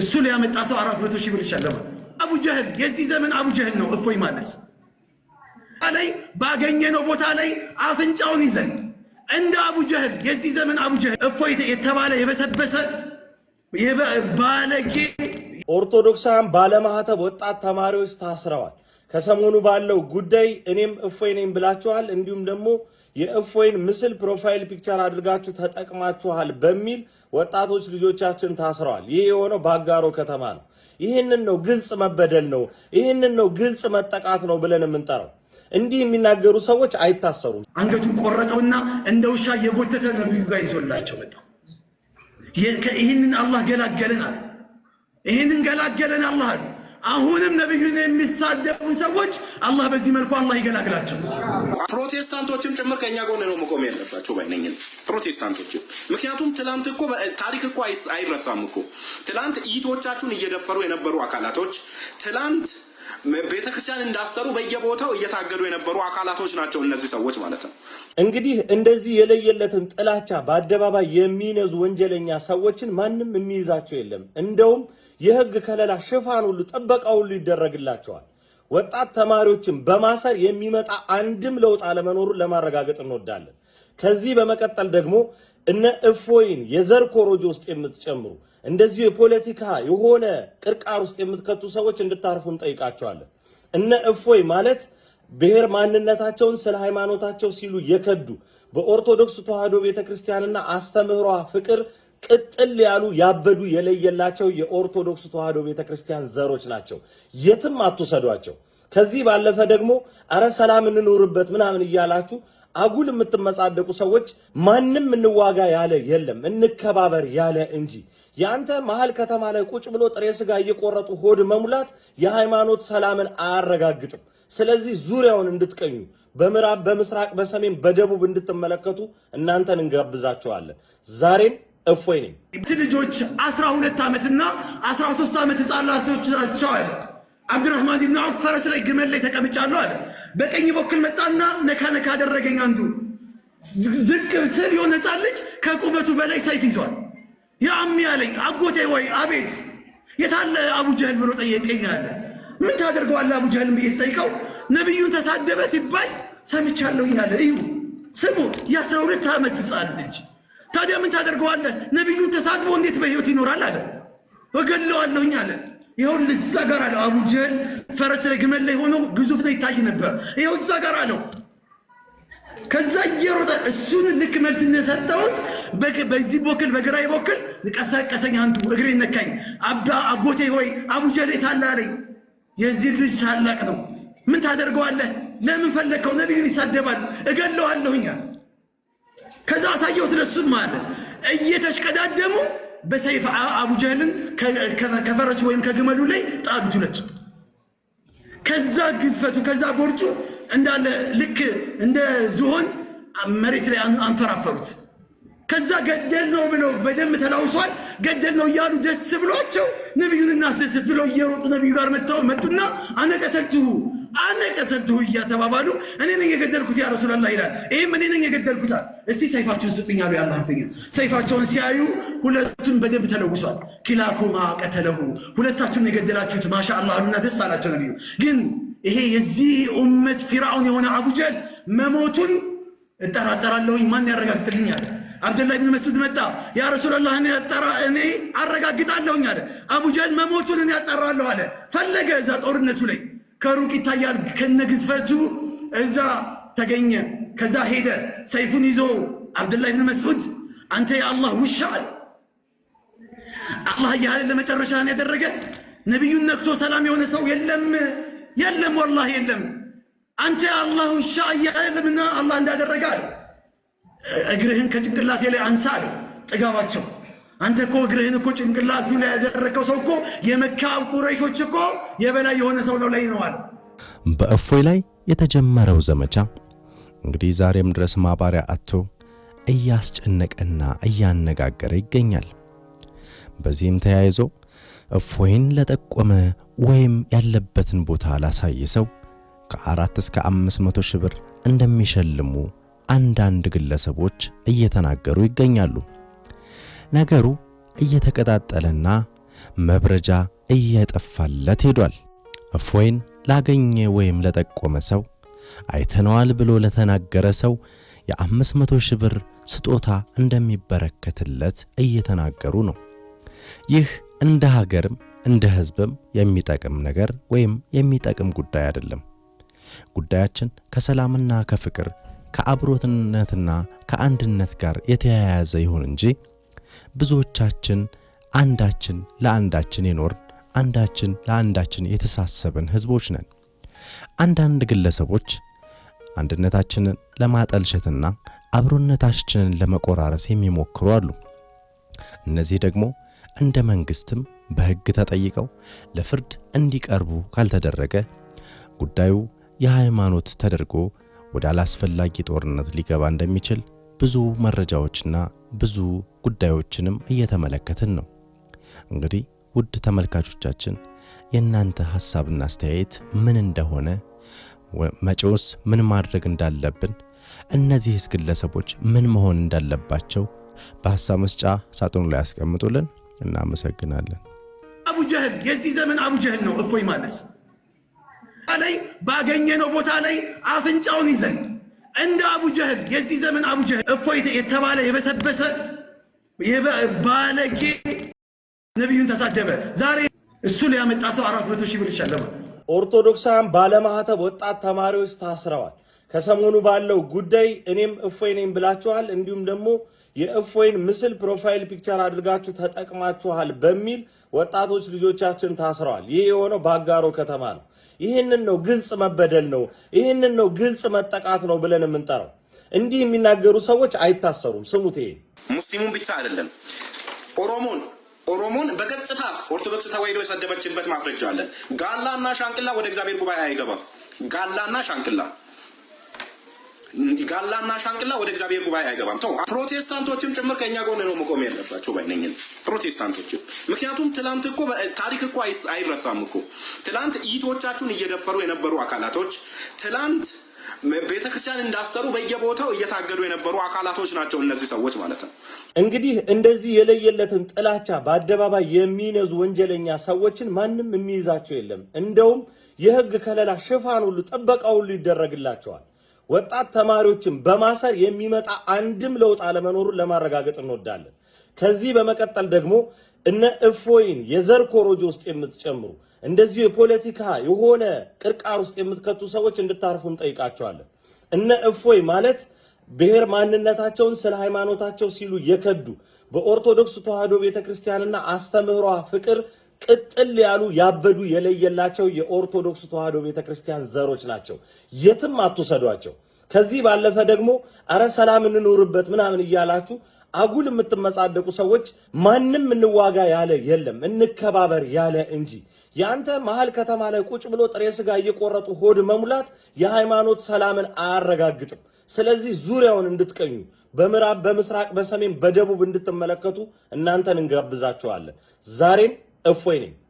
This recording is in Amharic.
እሱ ሊያመጣ ሰው አራት መቶ ሺህ ብር ይሸለማል። አቡጀህል የዚህ ዘመን አቡጀህል ነው። እፎይ ማለት ላይ ባገኘነው ቦታ ላይ አፍንጫውን ይዘን እንደ አቡጀህል የዚህ ዘመን አቡጀህል እፎይ የተባለ የበሰበሰ ባለጌ ኦርቶዶክሳን ባለማህተብ ወጣት ተማሪዎች ታስረዋል። ከሰሞኑ ባለው ጉዳይ እኔም እፎይ ነኝ ብላችኋል፣ እንዲሁም ደግሞ የእፎይን ምስል ፕሮፋይል ፒክቸር አድርጋችሁ ተጠቅማችኋል በሚል ወጣቶች ልጆቻችን ታስረዋል። ይህ የሆነው በአጋሮ ከተማ ነው። ይህንን ነው ግልጽ መበደል ነው፣ ይህንን ነው ግልጽ መጠቃት ነው ብለን የምንጠራው። እንዲህ የሚናገሩ ሰዎች አይታሰሩም። አንገቱን ቆረጠውና እንደ ውሻ የጎተተ ነብዩ ጋር ይዞላቸው መጣ። ይህንን አላህ ገላገለን አለ። ይህንን ገላገለን አላህ አለ አሁንም ነቢዩን የሚሳደቡ ሰዎች አላህ በዚህ መልኩ አላህ ይገላግላቸው። ፕሮቴስታንቶችም ጭምር ከእኛ ጎን ነው መቆም ያለባቸው ባይነኝ ፕሮቴስታንቶችም። ምክንያቱም ትላንት እኮ ታሪክ እኮ አይረሳም እኮ ትላንት እይቶቻችሁን እየደፈሩ የነበሩ አካላቶች ትላንት ቤተክርስቲያን እንዳሰሩ በየቦታው እየታገዱ የነበሩ አካላቶች ናቸው እነዚህ ሰዎች ማለት ነው። እንግዲህ እንደዚህ የለየለትን ጥላቻ በአደባባይ የሚነዙ ወንጀለኛ ሰዎችን ማንም የሚይዛቸው የለም እንደውም የህግ ከለላ ሽፋን ሁሉ ጥበቃ ሁሉ ይደረግላቸዋል። ወጣት ተማሪዎችን በማሰር የሚመጣ አንድም ለውጥ አለመኖሩን ለማረጋገጥ እንወዳለን። ከዚህ በመቀጠል ደግሞ እነ እፎይን የዘር ኮሮጆ ውስጥ የምትጨምሩ እንደዚሁ የፖለቲካ የሆነ ቅርቃር ውስጥ የምትከቱ ሰዎች እንድታርፉ እንጠይቃቸዋለን። እነ እፎይ ማለት ብሔር ማንነታቸውን ስለ ሃይማኖታቸው ሲሉ የከዱ በኦርቶዶክስ ተዋሕዶ ቤተክርስቲያንና አስተምህሯ ፍቅር ቅጥል ያሉ ያበዱ የለየላቸው የኦርቶዶክስ ተዋሕዶ ቤተክርስቲያን ዘሮች ናቸው። የትም አትውሰዷቸው። ከዚህ ባለፈ ደግሞ አረ ሰላም እንኑርበት ምናምን እያላችሁ አጉል የምትመጻደቁ ሰዎች ማንም እንዋጋ ያለ የለም እንከባበር ያለ እንጂ ያንተ መሀል ከተማ ላይ ቁጭ ብሎ ጥሬ ስጋ እየቆረጡ ሆድ መሙላት የሃይማኖት ሰላምን አያረጋግጥም። ስለዚህ ዙሪያውን እንድትቀኙ በምዕራብ፣ በምስራቅ፣ በሰሜን፣ በደቡብ እንድትመለከቱ እናንተን እንጋብዛችኋለን ዛሬም እፎይ ነኝ። ልጆች አስራ ሁለት ዓመትና 13 ዓመት ህጻናቶች ናቸው አለ። አብዱራህማን ብን አውፍ ፈረስ ላይ ግመል ላይ ተቀምጫለሁ አለ። በቀኝ በኩል መጣና ነካ ነካ አደረገኝ። አንዱ ዝቅ ስል የሆነ ህጻን ልጅ ከቁመቱ በላይ ሰይፍ ይዟል። ያአሚ አለኝ። አጎቴ ወይ አቤት የታለ አቡጀህል ብሎ ጠየቀኝ አለ። ምን ታደርገዋለህ አቡጀህልን ብዬ ስጠይቀው ነቢዩን ተሳደበ ሲባል ሰምቻለሁኝ አለ። እዩ ስሙ፣ የአስራ ሁለት ዓመት ህጻን ልጅ ታዲያ ምን ታደርገዋለህ? ነቢዩን ተሳድቦ እንዴት በህይወት ይኖራል አለ። እገለዋለሁኝ አለ። ይኸው እዛ ጋር አለው። አቡጀህል ፈረስ ላይ ግመል ላይ ሆኖ ግዙፍ ላይ ይታይ ነበር። ይኸው እዛ ጋር አለው። ከዛ እየሮጠ እሱን ልክ መልስ እንደሰጠሁት በዚህ በኩል በግራይ በኩል ቀሰቀሰኝ፣ አንዱ እግሬ ነካኝ። አባ አጎቴ ሆይ አቡጀህል የታለ አለኝ። የዚህ ልጅ ታላቅ ነው። ምን ታደርገዋለህ? ለምን ፈለግከው? ነቢዩን ይሳደባል። እገለዋለሁኝ አለ። ከዛ አሳየሁት ለሱም ማለ እየተሽቀዳደሙ በሰይፍ አቡጀህልን ከፈረሱ ወይም ከግመሉ ላይ ጣሉት ሁለቱ። ከዛ ግዝፈቱ ከዛ ጎርጩ እንዳለ ልክ እንደ ዝሆን መሬት ላይ አንፈራፈሩት። ከዛ ገደል ነው ብለው በደም ተላውሷል። ገደል ነው እያሉ ደስ ብሏቸው ነቢዩን እናስደስት ብለው እየሮጡ ነቢዩ ጋር መጡና አነቀተልትሁ አነ እያተባባሉ እኔ ነኝ የገደልኩት ያ ረሱላላ ይላል። ይህም እኔ ነኝ የገደልኩታል። እስቲ ሰይፋቸውን ስጡኝ አሉ ያላ ሰይፋቸውን ሲያዩ ሁለቱን በደንብ ተለውሷል። ኪላኩማ ቀተለሁ ሁለታችሁም የገደላችሁት ማሻ አላህ አሉና ደስ አላቸው ነቢዩ። ግን ይሄ የዚህ ኡመት ፊርአውን የሆነ አቡጀል መሞቱን እጠራጠራለሁኝ ማን ያረጋግጥልኛል? አብደላህ ብን መስዑድ መጣ። ያ ረሱላላህ እኔ አረጋግጣለሁኝ አለ። አቡጀል መሞቱን እኔ ያጠራለሁ አለ። ፈለገ እዛ ጦርነቱ ላይ ከሩቅ ይታያል ከነ ግዝፈቱ። እዛ ተገኘ። ከዛ ሄደ ሰይፉን ይዞ አብዱላህ ብን መስዑድ አንተ የአላህ ውሻ አለ። አላህ እያለን ለመጨረሻን ያደረገ ነቢዩን ነክቶ ሰላም የሆነ ሰው የለም፣ የለም፣ ወላሂ የለም። አንተ የአላህ ውሻ እያለምና አላህ እንዳደረገ አለ። እግርህን ከጭንቅላቴ ላይ አንሳ አለ። ጥጋባቸው አንተ እኮ እግርህን እኮ ጭንቅላቱ ላይ ያደረከው ሰው እኮ የመካ ቁረይሾች እኮ የበላይ የሆነ ሰው ነው ላይ ነዋል። በእፎይ ላይ የተጀመረው ዘመቻ እንግዲህ ዛሬም ድረስ ማባሪያ አቶ እያስጨነቀና እያነጋገረ ይገኛል። በዚህም ተያይዞ እፎይን ለጠቆመ ወይም ያለበትን ቦታ ላሳየ ሰው ከአራት እስከ አምስት መቶ ሺህ ብር እንደሚሸልሙ አንዳንድ ግለሰቦች እየተናገሩ ይገኛሉ። ነገሩ እየተቀጣጠለና መብረጃ እየጠፋለት ሄዷል። እፎይን ላገኘ ወይም ለጠቆመ ሰው አይተነዋል ብሎ ለተናገረ ሰው የ 500 ሺህ ብር ስጦታ እንደሚበረከትለት እየተናገሩ ነው። ይህ እንደ ሀገርም እንደ ሕዝብም የሚጠቅም ነገር ወይም የሚጠቅም ጉዳይ አይደለም። ጉዳያችን ከሰላምና ከፍቅር ከአብሮትነትና ከአንድነት ጋር የተያያዘ ይሁን እንጂ ብዙዎቻችን አንዳችን ለአንዳችን ይኖር አንዳችን ለአንዳችን የተሳሰብን ህዝቦች ነን። አንዳንድ ግለሰቦች አንድነታችንን ለማጠልሸትና አብሮነታችንን ለመቆራረስ የሚሞክሩ አሉ። እነዚህ ደግሞ እንደ መንግስትም በህግ ተጠይቀው ለፍርድ እንዲቀርቡ ካልተደረገ ጉዳዩ የሃይማኖት ተደርጎ ወደ አላስፈላጊ ጦርነት ሊገባ እንደሚችል ብዙ መረጃዎችና ብዙ ጉዳዮችንም እየተመለከትን ነው። እንግዲህ ውድ ተመልካቾቻችን የእናንተ ሀሳብና አስተያየት ምን እንደሆነ፣ መጪውስ ምን ማድረግ እንዳለብን፣ እነዚህስ ግለሰቦች ምን መሆን እንዳለባቸው በሐሳብ መስጫ ሳጥኑ ላይ ያስቀምጡልን። እናመሰግናለን። አቡጀህል የዚህ ዘመን አቡጀህል ነው። እፎይ ማለት ላይ ባገኘነው ቦታ ላይ አፍንጫውን ይዘን እንደ አቡጀህል የዚህ ዘመን አቡጀህል እፎይ የተባለ የበሰበሰ ባለጌ ነቢዩን ተሳደበ። ዛሬ እሱ ሊያመጣ ሰው አራት መቶ ሺህ ብር ይሸለማል። ኦርቶዶክሳን ባለማህተብ ወጣት ተማሪዎች ታስረዋል። ከሰሞኑ ባለው ጉዳይ እኔም እፎይ ነኝ ብላችኋል፣ እንዲሁም ደግሞ የእፎይን ምስል ፕሮፋይል ፒክቸር አድርጋችሁ ተጠቅማችኋል በሚል ወጣቶች ልጆቻችን ታስረዋል። ይህ የሆነው በአጋሮ ከተማ ነው። ይህንን ነው ግልጽ መበደል ነው፣ ይህንን ነው ግልጽ መጠቃት ነው ብለን የምንጠራው። እንዲህ የሚናገሩ ሰዎች አይታሰሩም። ስሙት ይሄ ሙስሊሙን ብቻ አይደለም ኦሮሞን ኦሮሞን በቀጥታ ኦርቶዶክስ ተዋሕዶ የሰደበችበት ማስረጃ አለን። ጋላና ሻንቅላ ወደ እግዚአብሔር ጉባኤ አይገባም። ጋላና ሻንቅላ ጋላና ሻንቅላ ወደ እግዚአብሔር ጉባኤ አይገባም። ተው ፕሮቴስታንቶችም ጭምር ከእኛ ጎን ነው መቆም ያለባቸው ባይነኝን ፕሮቴስታንቶችም። ምክንያቱም ትላንት እኮ ታሪክ እኮ አይረሳም እኮ ትላንት እይቶቻችሁን እየደፈሩ የነበሩ አካላቶች ትላንት ቤተክርስቲያን እንዳሰሩ በየቦታው እየታገዱ የነበሩ አካላቶች ናቸው እነዚህ ሰዎች ማለት ነው። እንግዲህ እንደዚህ የለየለትን ጥላቻ በአደባባይ የሚነዙ ወንጀለኛ ሰዎችን ማንም የሚይዛቸው የለም። እንደውም የህግ ከለላ ሽፋን ሁሉ ጥበቃ ሁሉ ይደረግላቸዋል። ወጣት ተማሪዎችን በማሰር የሚመጣ አንድም ለውጥ አለመኖሩን ለማረጋገጥ እንወዳለን። ከዚህ በመቀጠል ደግሞ እነ እፎይን የዘር ኮሮጆ ውስጥ የምትጨምሩ እንደዚሁ የፖለቲካ የሆነ ቅርቃር ውስጥ የምትከቱ ሰዎች እንድታርፉ እንጠይቃቸዋለን። እነ እፎይ ማለት ብሔር ማንነታቸውን ስለ ሃይማኖታቸው ሲሉ የከዱ በኦርቶዶክስ ተዋህዶ ቤተክርስቲያንና አስተምህሯ ፍቅር ቅጥል ያሉ ያበዱ የለየላቸው የኦርቶዶክስ ተዋህዶ ቤተክርስቲያን ዘሮች ናቸው። የትም አትውሰዷቸው። ከዚህ ባለፈ ደግሞ አረ ሰላም እንኑርበት ምናምን እያላችሁ አጉል የምትመጻደቁ ሰዎች ማንም እንዋጋ ያለ የለም እንከባበር ያለ እንጂ የአንተ መሀል ከተማ ላይ ቁጭ ብሎ ጥሬ ስጋ እየቆረጡ ሆድ መሙላት የሃይማኖት ሰላምን አያረጋግጥም። ስለዚህ ዙሪያውን እንድትቀኙ በምዕራብ፣ በምስራቅ፣ በሰሜን፣ በደቡብ እንድትመለከቱ እናንተን እንጋብዛችኋለን። ዛሬም እፎይ ነኝ።